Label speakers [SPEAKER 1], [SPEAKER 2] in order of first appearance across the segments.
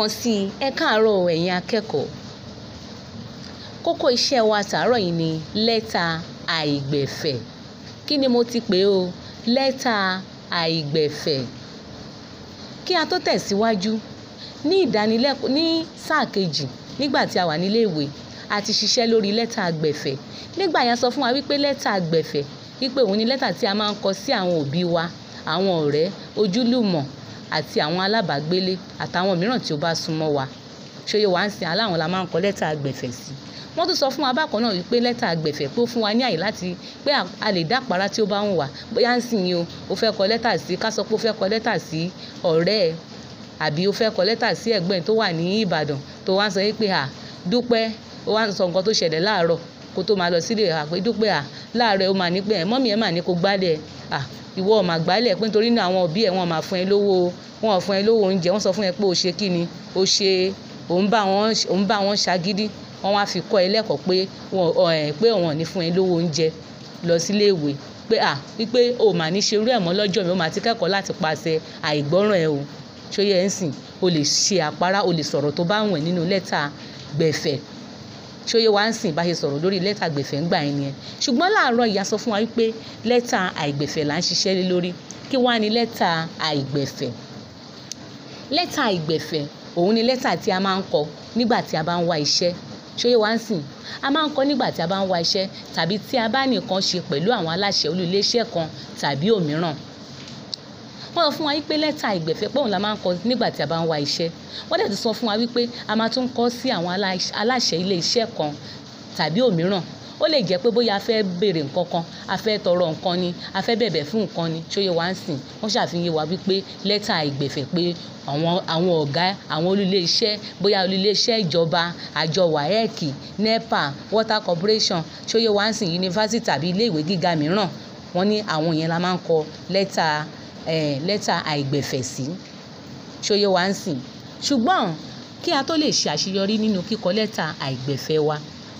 [SPEAKER 1] kan sí i ẹ káàárọ̀ ẹ̀yin akẹ́kọ̀ọ́ kókó iṣẹ́ wa tàárọ̀ yìí ni lẹ́tà àìgbẹ̀fẹ̀ kí ni mo ti pè o lẹ́tà àìgbẹ̀fẹ̀ kí a tó tẹ̀síwájú ní ìdánilẹ́kọ̀ọ́ ní sáà kejì nígbà tí a wà nílé ìwé a ti ṣiṣẹ́ lórí lẹ́tà àgbẹ̀fẹ̀ nígbà yẹn sọ fún wa wípé lẹ́tà àgbẹ̀fẹ̀ wípé òun ni lẹ́tà tí a máa ń kọ sí àwọn òbí wa àwọn ọ̀rẹ́ ojúlùmọ̀ àti àwọn alábàágbélé àtàwọn mìíràn tí ó bá súnmọ́ wa ṣóyè wá ń sin aláwọn la máa ń kọ lẹ́tà agbẹ̀fẹ̀ sí wọ́n tún sọ fún wa bákan náà wípé lẹ́tà agbẹ̀fẹ̀ pé ó fún wa ní àyè láti pé a lè dá para tí ó bá ń wà bóyá ń sìn yín o ó fẹ́ kọ lẹ́tà sí ká sọ pé ó fẹ́ kọ lẹ́tà sí ọ̀rẹ́ ẹ̀ àbí ó fẹ́ kọ lẹ́tà sí ẹ̀gbọ́n tó wà ní Ìbàdàn tó wá ń sọ yín pé à dúpẹ́ ó wá ń sọ nǹkan tó ṣẹlẹ̀ láàárọ̀ kó tó máa lọ sílé àpéjú pé à láàárọ̀ ó máa ní pé mọ́mí ẹ̀ máa ní kó gbálẹ̀ à ìwọ ọ̀ máa gbálẹ̀ pé nítorí náà àwọn òbí ẹ̀ wọ́n máa fún ẹ lówó wọ́n fún ẹ lówó oúnjẹ wọ́n sọ fún ẹ pé o ṣe kí ni o ṣe òun bá wọn òun bá wọn ṣagídí wọ́n wá fi kọ́ ẹ lẹ́kọ̀ọ́ pé wọn pé wọn ní fún ẹ lówó oúnjẹ lọ sílé ìwé pé à wípé o mà ní ṣerú ẹ̀ mọ́ lọ́jọ́ mi o mà ti kẹ́kọ̀ọ́ láti pàṣẹ àìgbọ́ràn ẹ o ṣó yẹ ẹ ń sìn o lè ṣe àpárá o lè sọ̀rọ̀ tó bá wọ̀n nínú lẹ́tà gbẹ̀fẹ̀ ṣé ó yẹ wá ń sìn bá ṣe sọ̀rọ̀ lórí lẹ́tà àìgbẹ̀fẹ̀ ń gbà yín nìyẹn ṣùgbọ́n láàárọ̀ ìyá sọ fún wa wípé lẹ́tà àìgbẹ̀fẹ̀ là ń ṣiṣẹ́ lé lórí kí wá ní lẹ́tà àìgbẹ̀fẹ̀ lẹ́tà àìgbẹ̀fẹ̀ òun ni lẹ́tà tí a máa ń kọ nígbà tí a bá ń wá iṣẹ́ ṣé wá ń sìn a máa ń kọ nígbà tí a bá ń wá iṣẹ́ tàbí tí a bá nìkan ṣe pẹ̀lú àwọn aláṣẹ olú iléeṣẹ́ kan tàbí òmíràn wọ́n sọ fún wa wípé lẹ́tà ìgbẹ̀fẹ́ pé òun la máa ń kọ nígbà tí a bá ń wa iṣẹ́ wọ́n dẹ̀ tún sọ fún wa wípé a máa tún kọ sí àwọn aláṣẹ ilé iṣẹ́ kan tàbí òmíràn ó lè jẹ́ pé bóyá a fẹ́ béèrè nǹkan kan a fẹ́ tọrọ nǹkan ni a fẹ́ bẹ̀bẹ̀ fún nǹkan ni ṣóyè wá ń sìn wọ́n ṣàfihàn wa wípé lẹ́tà ìgbẹ̀fẹ̀ pé àwọn ọ̀gá àwọn olùléeṣẹ́ bóyá olùléeṣẹ́ ìjọba àjọ waec nepa water corporation ṣóyè wá ń sìn yunifásitì tàbí ilé ìwé gíga mìíràn wọ́n ní àwọn yẹn la máa ń kọ lẹ́tà lẹ́tà àìgbẹ̀fẹ̀ sí ṣóyè wá ń sìn ṣùgbọ́n kí a tó lè ṣe àṣeyọrí nínú kíkọ lẹ́tà àìgbẹ̀fẹ̀ wa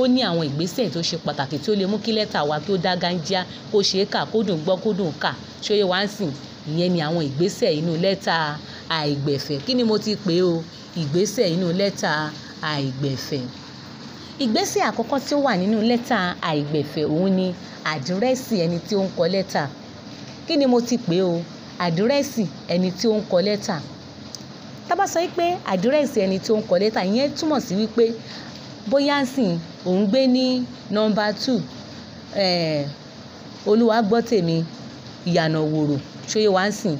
[SPEAKER 1] ó ní àwọn ìgbésẹ̀ tó ṣe pàtàkì tí ó lè mú kí lẹ́tà wa kí dá gánjá kó ṣe é kà kó dùn gbọ́ kó dùn kà ṣóyè wá ń sìn ìyẹn ni àwọn ìgbésẹ̀ inú lẹ́tà àìgbẹ̀fẹ̀ kí ni mo ti pè o ìgbésẹ̀ inú lẹ́tà àìgbẹ̀fẹ̀ ìgbésẹ̀ àkọ́kọ́ tí ó wà nínú lẹ́tà àìgbẹ̀fẹ̀ òun ni àdírẹ́sì ẹni tí ó ń kọ lẹ́tà kí ni mo ti pè o àdírẹ́sì ẹni tí ó ń kọ lẹ́tà tá bá sọ wípé àdírẹ́sì ẹni tí ó ń kọ lẹ́tà ìyẹn túmọ̀ sí wípé bóyá sìn òun gbé ní nọmba two olúwagbọ́tèmi ìyànà wòrò ṣóyè wá ń sìn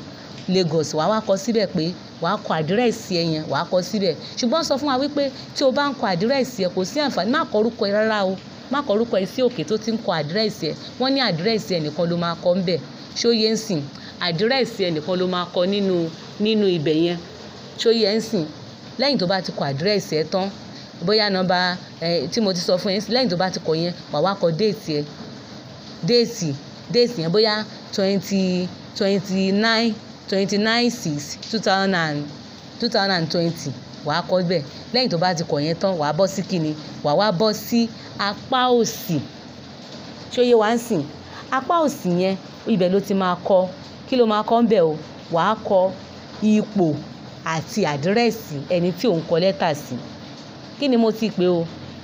[SPEAKER 1] Lagos wàá wá kọ síbẹ̀ pé wàá kọ àdírẹ́sì ẹ yẹn wàá kọ síbẹ̀ ṣùgbọ́n sọ fún wa wípé tí o bá ń kọ àdírẹ́sì ẹ kò sí àǹfààní má kọ orúkọ ẹ rárá o má kọ orúkọ ẹ sí òkè tó ti ń kọ àdírẹ́sì ẹ wọ́n ní àdírẹ́sì ẹ nìkan ló máa kọ ń bẹ̀ ṣóyè ń sìn àdírẹ́sì ẹnìkan ló máa kọ nínú nínú ibẹ̀ yẹn ṣó yẹ ń sìn lẹ́yìn tó bá ti kọ àdírẹ́sì ẹ tán bóyá nọ́mbà ẹ tí mo ti sọ fún ẹ lẹ́yìn tó bá ti kọ yẹn wà wá kọ déètì ẹ déètì déètì yẹn bóyá twenty twenty nine twenty nine six two thousand and two thousand and twenty wàá kọ bẹ́ẹ̀ lẹ́yìn tó bá ti kọ yẹn tán wàá bọ́ sí kíni wàá wá bọ́ sí apá òsì ṣó wá ń sìn apá òsì yẹn ibẹ̀ ló ti máa kọ kí ló máa kọ ń bẹ̀ o wàá kọ ipò àti àdírẹ́sì ẹni tí ò ń kọ lẹ́tà sí kí ni mo ti pè o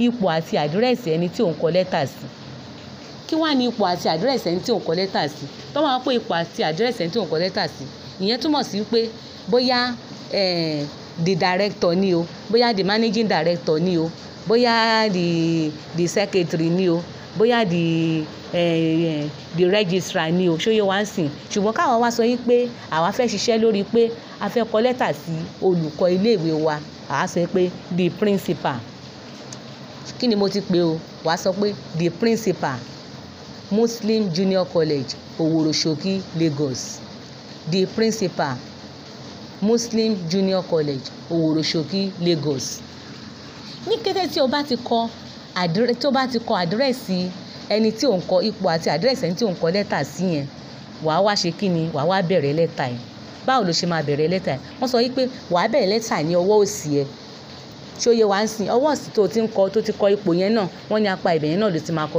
[SPEAKER 1] ipò àti àdírẹ́sì ẹni tí ò ń kọ lẹ́tà sí kí wàá ní ipò àti àdírẹ́sì ẹni tí ò ń kọ lẹ́tà sí tó máa pé ipò àti àdírẹ́sì ẹni tí ò ń kọ lẹ́tà sí ìyẹn túmọ̀ sí pé bóyá eh, the director ni o bóyá the managing director ni o bóyá the the secretary ni o bóyá the eh, eh, the registrar ni o ṣó yẹ wá ń sìn ṣùgbọ́n káwọn wá sọ yín pé àwa fẹ́ ṣiṣẹ́ lórí pé a fẹ́ kọ lẹ́tà sí olùkọ́ iléèwé wa àá sọ pé the principal kí ni mo ti pè o wàá sọ pé the principal Muslim Junior College Oworosoki Lagos the principal Muslim Junior College Oworosoki Lagos ní kété tí o bá ti kọ àdírẹ́ tó bá ti kọ àdírẹ́sì ẹni tí ò ń kọ ipò àti àdírẹ́sì ẹni tí ò ń kọ lẹ́tà sí yẹn, wà á wá ṣe kí ni? Wà á wá bẹ̀rẹ̀ lẹ́tà yẹn. Báwo lo ṣe máa bẹ̀rẹ̀ lẹ́tà yẹn? Wọ́n sọ wípé wà á bẹ̀rẹ̀ lẹ́tà ní ọwọ́ òsì ẹ. Ṣé oyè wá ń sin? Ọwọ́ òsì tó ti ń kọ, tó ti kọ ipò yẹn náà, wọ́n ní apá ibẹ̀ yẹn náà ló ti máa kọ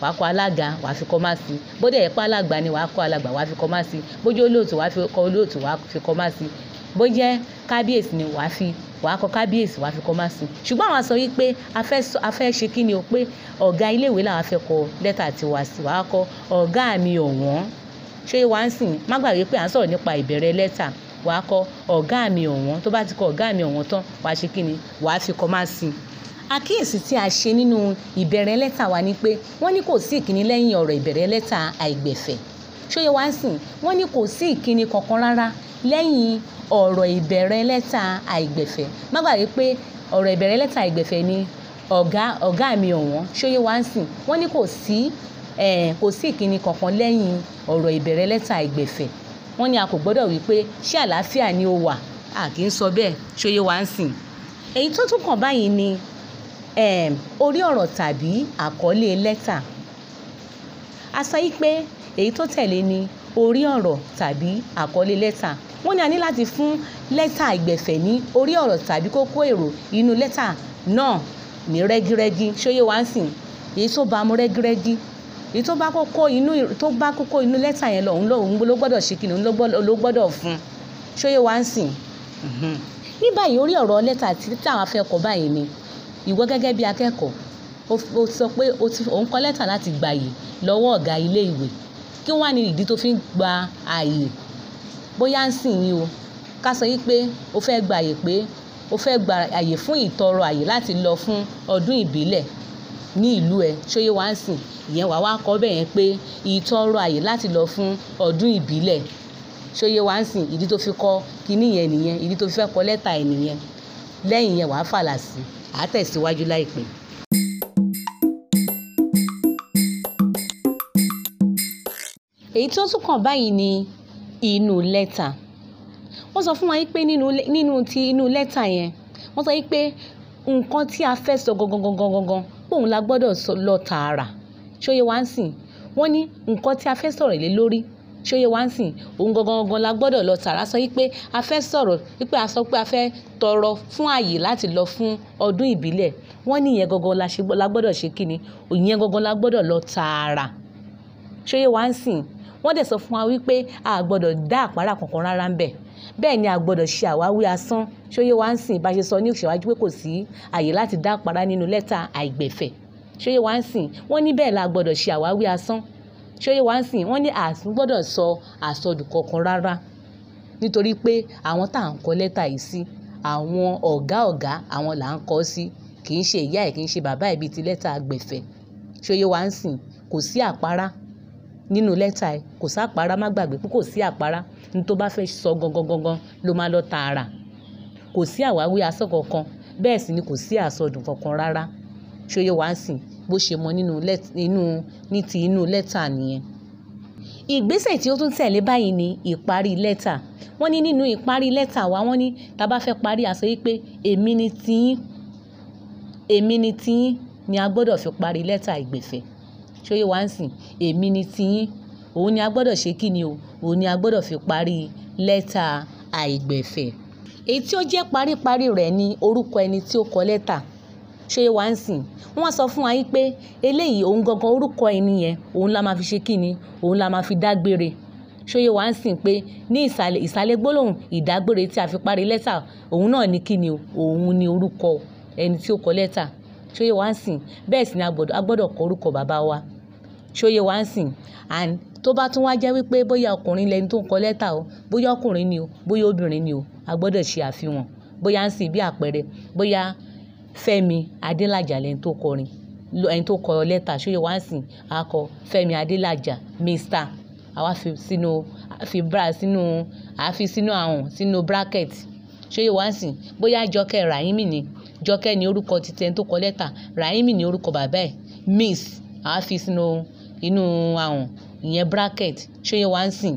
[SPEAKER 1] wàá kọ alága wàá fi kọ má sí bóde ẹ̀pá alàgbà ni wàá kọ alàgbà wàá fi kọ má sí bójú olóòtú wàá fi kọ olóòtú wàá fi kọ má sí bójẹ́ kábíyèsí ni wàá fi wàá kọ kábíyèsí wàá fi kọ má sí ṣùgbọ́n àwọn sọ wípé a fẹ́ ṣe kí ni o pé ọ̀gá iléèwé làwọn fẹ́ kọ lẹ́tà tiwa sí wàá kọ ọ̀gá mi ọ̀wọ́n ṣé wàá ń sìn má gbàgbé pé à ń sọ̀rọ̀ nípa ìbẹ̀rẹ̀ lẹ́tà wàá kọ ọ̀gá mi ọ̀wọ́n tó bá ti kọ ọ̀gá mi ọ̀wọ́n tán wàá ṣe kí ni wàá fi kọ má sí i àkíyèsí tí a ṣe nínú ìbẹ̀rẹ̀ lẹ́tà wa ni pé wọ́n ní kò sí ìkíni lẹ́yìn ọ̀rọ̀ ìbẹ̀rẹ̀ lẹ́tà àìgbẹ̀fẹ̀ ṣóyẹ wá sìn wọ́n ní kò sí ìkíni kankan rárá lẹ́yìn ọ̀rọ̀ ìbẹ̀rẹ̀ lẹ́tà àìgbẹ̀fẹ̀ má gbàgbé pé ọ̀rọ̀ ìbẹ̀rẹ̀ lẹ́tà àìgbẹ̀fẹ̀ ni ọ̀gá ọ̀gá mi ọ̀wọ́n ṣóyẹ wá sìn wọ́n ní kò sí kò sí ìkíni kankan lẹ́yìn ọ̀rọ̀ ìbẹ̀rẹ̀ lẹ́tà àìgbẹ̀fẹ̀ wọ́n ní a kò gbọ́dọ̀ wí pé ṣé àlàáfíà ni o wà a kì sọ bẹ́ẹ̀ ṣóyẹ wá sìn èyí tó tún kàn báyìí ni um orí ọ̀rọ̀ tàbí àkọlé lẹ́tà a sọ yìí pé èyí tó tẹ̀lé ni orí ọ̀rọ̀ tàbí àkọlé lẹ́tà wọ́n ní a ní láti fún lẹ́tà ìgbẹ̀fẹ̀ ní orí ọ̀rọ̀ tàbí kókó èrò inú lẹ́tà náà ní rẹ́gírẹ́gí ṣóyè wá ń sìn èyí tó ba mu rẹ́gírẹ́gí èyí tó bá kókó inú tó bá kókó inú lẹ́tà yẹn lọ òun ló gbọ́dọ̀ ṣe kìnnìún ló gbọ́dọ̀ fún ṣóyè wá ń sìn ní báyìí orí ọ̀rọ̀ lẹ́tà tí táwọn afẹ́kọ̀ọ́ báyìí ni ìwọ gẹ́gẹ́ bí akẹ́kọ̀ọ́ o sọ pé o ń kọ lẹ́tà láti gbàyè lọ́wọ́ ọ̀gá ilé ìwé kí wàá ní ìdí tó fi ń gba àyè bóyá ń sìn yín o ká sọ yín pé o fẹ́ gba àyè pé o fẹ́ gba àyè fún ìtọrọ àyè láti lọ fún ọdún ìbílẹ̀ ní ìlú ẹ ṣóyè wá ń sìn ìyẹn wàá wá kọ bẹ́ẹ̀ yẹn pé ìtọrọ àyè láti lọ fún ọdún ìbílẹ̀ ṣóyè wá ń sìn ìdí tó fi kọ kíní yẹn nìyẹn ìdí tó fi fẹ́ kọ lẹ́tà ẹ̀ nìyẹn lẹ́yìn yẹn wàá fàlà sí i àá tẹ̀síwájú láìpẹ́. èyí tó tún kàn báyìí ni inú lẹ́tà wọ́n sọ fún wa pé nínú ti inú lẹ́tà yẹn wọ́n sọ pé nǹkan tí a fẹ́ sọ gangan gangan gangan òun la gbọ́dọ̀ lọ tààrà ṣóyè wá ń sìn wọ́n ní nǹkan tí a fẹ́ sọ̀rọ̀ lé lórí ṣóyè wá ń sìn òun gangan gangan la gbọ́dọ̀ lọ tààrà sọ wípé a fẹ́ sọ̀rọ̀ wípé a sọ pé a fẹ́ tọrọ fún àyè láti lọ fún ọdún ìbílẹ̀ wọ́n ní ìyẹn gangan la gbọ́dọ̀ ṣe kí ni ìyẹn gangan la gbọ́dọ̀ lọ tààrà ṣóyè wá ń sìn wọ́n dẹ̀ sọ fún wa wípé a gbọ́dọ̀ dá àpárá kankan rárá ń bẹ̀ bẹ́ẹ̀ ni a gbọ́dọ̀ ṣe àwáwí asán ṣóyè wá ń sìn bá ṣe sọ ní ìṣèwájú pé kò sí àyè láti dá àpárá nínú lẹ́tà àìgbẹ̀fẹ̀ ṣóyè wá ń sìn wọ́n ní bẹ́ẹ̀ la gbọ́dọ̀ ṣe àwáwí asán ṣó yé wa ń sìn wọ́n ní àtún gbọ́dọ̀ sọ àsọdù kankan rárá nítorí pé àwọn tá à ń kọ lẹ́tà yìí sí àwọn ọ̀gá ọ̀gá àwọn là ń kọ sí kì í ṣe ìyá ẹ̀ kì í ṣe bàbá ẹ̀ bíi ti lẹ́tà agbẹ̀fẹ̀ ṣó yé wa ń sìn kò sí àpárá nínú lẹ́tà ẹ̀ kò sí àpárá má gbàgbé pé kò sí àpárá ní tó bá fẹ́ sọ gangan gangan ló máa lọ tààrà kò sí àwáwí asọ́ kankan bẹ́ẹ̀ sì ni kò sí àsọdùn kankan rárá ṣó yé ń sìn bó ṣe mọ nínú inú ní ti inú lẹ́tà nìyẹn. Ìgbésẹ̀ tí ó tún tẹ̀lé báyìí ni ìparí lẹ́tà. Wọ́n ní nínú ìparí lẹ́tà wa wọ́n ní tí a bá fẹ́ parí a sọ wípé èmi ni ti yín, èmi ni ti yín ni a gbọdọ̀ fi parí lẹ́tà ìgbẹ̀fẹ̀. Ṣé ó ń sìn? Èmi ni ti yín. Òun ni a gbọdọ̀ ṣe kí ni o. Òun ni a gbọdọ̀ fi parí lẹ́tà àìgbẹ̀fẹ̀. Èyí tí ó jẹ́ paríparí rẹ̀ ni orúkọ ẹni tí ó kọ lẹ́tà ṣó yẹ wá ń sìn wọ́n sọ fún wa yí pé eléyìí òun gangan orúkọ ẹni yẹn òun la máa fi ṣe kí ni òun la máa fi dágbére ṣó yẹ wá ń sìn pé ní ìsàlẹ̀ ìsàlẹ̀ gbólóhùn ìdágbére tí a fi parí lẹ́tà òun náà ní kí ni òun ni orúkọ ẹni tí ó kọ lẹ́tà ṣó wá ń sìn bẹ́ẹ̀ sì ni a gbọ́dọ̀ kọ orúkọ bàbá wa ṣó yẹ wá ń sìn and tó bá tún wá jẹ́ wípé bóyá ọkùnrin lẹni tó ń kọ lẹ́tà o bóyá ọkùnrin ni o bóyá obìnrin ni o a ṣe àfihàn bóyá ń sìn bí àpẹẹrẹ bóyá Fẹ́mi Adélàjà lẹni tó kọrin, ẹni tó kọ lẹ́tà ṣóyè wá ń sìn, a kọ Fẹ́mi Adélàjà Mr. A wá fi sínú, a fi bra sínú, a sínú àhùn sínú bracket. Ṣóyè wá ń sìn, bóyá Jọkẹ́ Ràhímì ni. Jọkẹ́ ni orúkọ titi ẹni tó kọ lẹ́tà, Ràhímì ni orúkọ bàbá ẹ̀. Miss, a wá fi sínú inú àhùn, ìyẹn bracket. Ṣóyè wá ń sìn.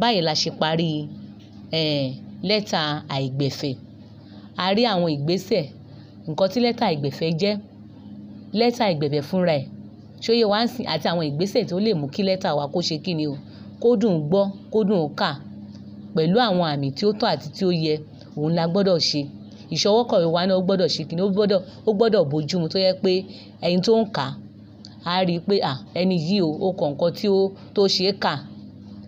[SPEAKER 1] Báyìí la ṣe parí, ẹ́, eh, lẹ́tà àìgbẹ̀fẹ̀. A rí àwọn ìgbésẹ̀ nǹkan tí lẹ́tà ìgbẹ̀fẹ́ jẹ́ lẹ́tà ìgbẹ̀fẹ́ fúnra ẹ̀ ṣó yẹ wá ń sìn àti àwọn ìgbésẹ̀ tó lè mú kí lẹ́tà wa kó ṣe kíni o kó dùn gbọ́ kó dùn kà pẹ̀lú àwọn àmì tí ó tọ́ àti tí ó yẹ òun la gbọ́dọ̀ ṣe ìṣọwọ́kọ̀wé wa náà ó gbọ́dọ̀ ṣe kíni ó gbọ́dọ̀ ó gbọ́dọ̀ bójúmu tó yẹ pé ẹni tó ń kà á rí i pé à ẹni yìí o ó kọ nǹkan tí ó tó ṣe é kà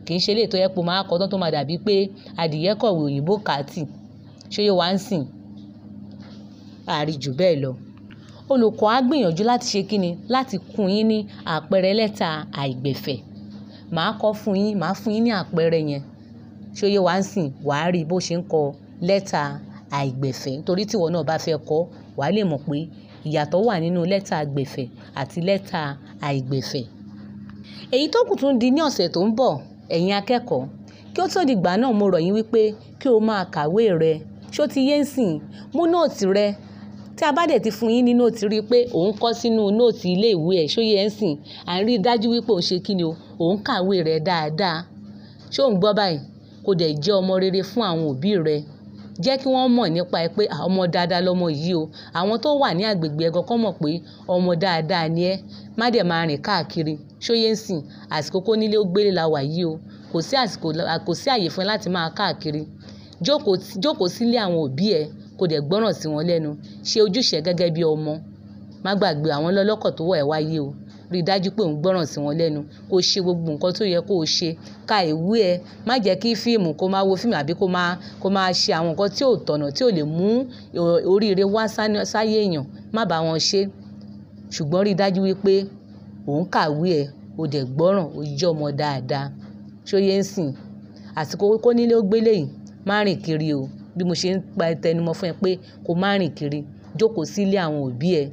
[SPEAKER 1] kì í ṣe eléyìí tó yẹ pé máa kọ tó máa dàbí pé adìyẹ òyìnbó kà á tì ṣó yẹ wá ń sìn a rí jù bẹ́ẹ̀ lọ. Olùkọ́ á gbìyànjú láti ṣe kíni láti kún yín ní àpẹẹrẹ lẹ́tà àìgbẹ̀fẹ̀. Màá kọ́ fún yín, màá fún yín ní àpẹẹrẹ yẹn. Ṣé ó yé wa ń sìn? Wà á rí bó ṣe ń kọ lẹ́tà àìgbẹ̀fẹ̀ nítorí tí ìwọ náà bá fẹ́ kọ́, wà á lè mọ̀ pé ìyàtọ̀ wà nínú lẹ́tà àgbẹ̀fẹ̀ àti lẹ́tà àìgbẹ̀fẹ̀. Èyí tó kù tún di ní ọ̀sẹ̀ tó ń bọ̀, ẹ̀yin akẹ́kọ̀ọ́. Kí ó tó di ìgbà náà, mo rọ̀ yín wípé kí o máa kàwé rẹ. Ṣé ti yé ń sìn? Mú nóòtì rẹ, tí a bá dẹ̀ ti fún yín ní nóòtì rí i pé òun kọ́ sínú nóòtì ilé ìwé ẹ̀ ṣó yẹ sìn à ń rí i dájú wípé òun ṣe kí ni o òun kàwé rẹ̀ dáadáa ṣó ń gbọ́ báyìí kó dẹ̀ jẹ́ ọmọ rere fún àwọn òbí rẹ̀ jẹ́ kí wọ́n mọ̀ nípa ẹ pé ọmọ dáadáa lọmọ yìí o àwọn tó wà ní agbègbè ẹ̀ kọ́kọ́ mọ̀ pé ọmọ dáadáa ni ẹ́ má dẹ̀ máa rìn káàkiri ṣóyé ń sìn àsìkò kó nílé ó gbélé la wà yìí o kò sí àsìkò kò sí àyè fún ẹ láti máa káàkiri jókòó sílé àwọn òbí ẹ̀ kó dẹ̀ gbọ́ràn sí wọn lẹ́nu ṣe ojúṣe gẹ́gẹ́ bí ọmọ má gbàgbé àwọn lọ́lọ́kọ̀ tó wà ẹ́ wáyé o rí i dájú pé ò ń gbọ́ràn sí wọn lẹ́nu kó ṣe gbogbo nǹkan tó yẹ kó o ṣe ka ìwé ẹ má jẹ́ kí fíìmù kó máa wo fíìmù àbí kó máa kó máa ṣe àwọn nǹkan tí ò tọ̀nà tí ò lè mú oríire wá sáyé èèyàn má bá wọn ṣe ṣùgbọ́n rí i dájú wípé ò kàwé ẹ o dẹ̀ gbọ́ràn o jẹ́ ọmọ dáadáa ṣó yẹ ń sìn àsìkò kónílé ó gbélé yìí má rìn kiri o bí mo ṣe ń pa tẹnumọ́ fún ẹ pé ko má rìn kiri, jókòó sí ilé àwọn òbí ẹ.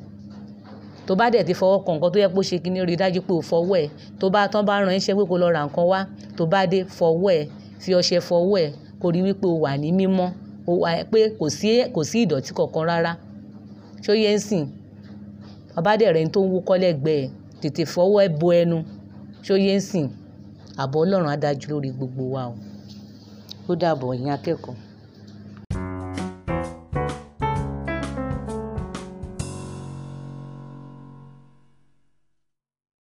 [SPEAKER 1] Tó bá dẹ̀ tí fọwọ́ kan nǹkan tó yẹ kó ṣe kíni rí dájú pé o fọwọ́ ẹ. Tó bá, tán bá rán ẹ níṣẹ́ pé ko lọ ra nǹkan wá, tó bá dé fọwọ́ ẹ, fi ọṣẹ fọwọ́ ẹ, ko rí wípé o wà ní mímọ́, o wà pé kò sí, kò sí ìdọ̀tí kankan rárá. Ṣé ó ń sìn? Tó dẹ̀ rẹ ni tó ń wúkọ́ lẹ́gbẹ̀ẹ́ ẹ, tètè fọwọ́ ẹ bo ẹnu. Ṣé ó ń sìn? Àbọ̀ Ọlọ́run á dájú lórí gbogbo wa o. Ó dàbọ̀, ẹ̀yin akẹ́kọ̀ọ́.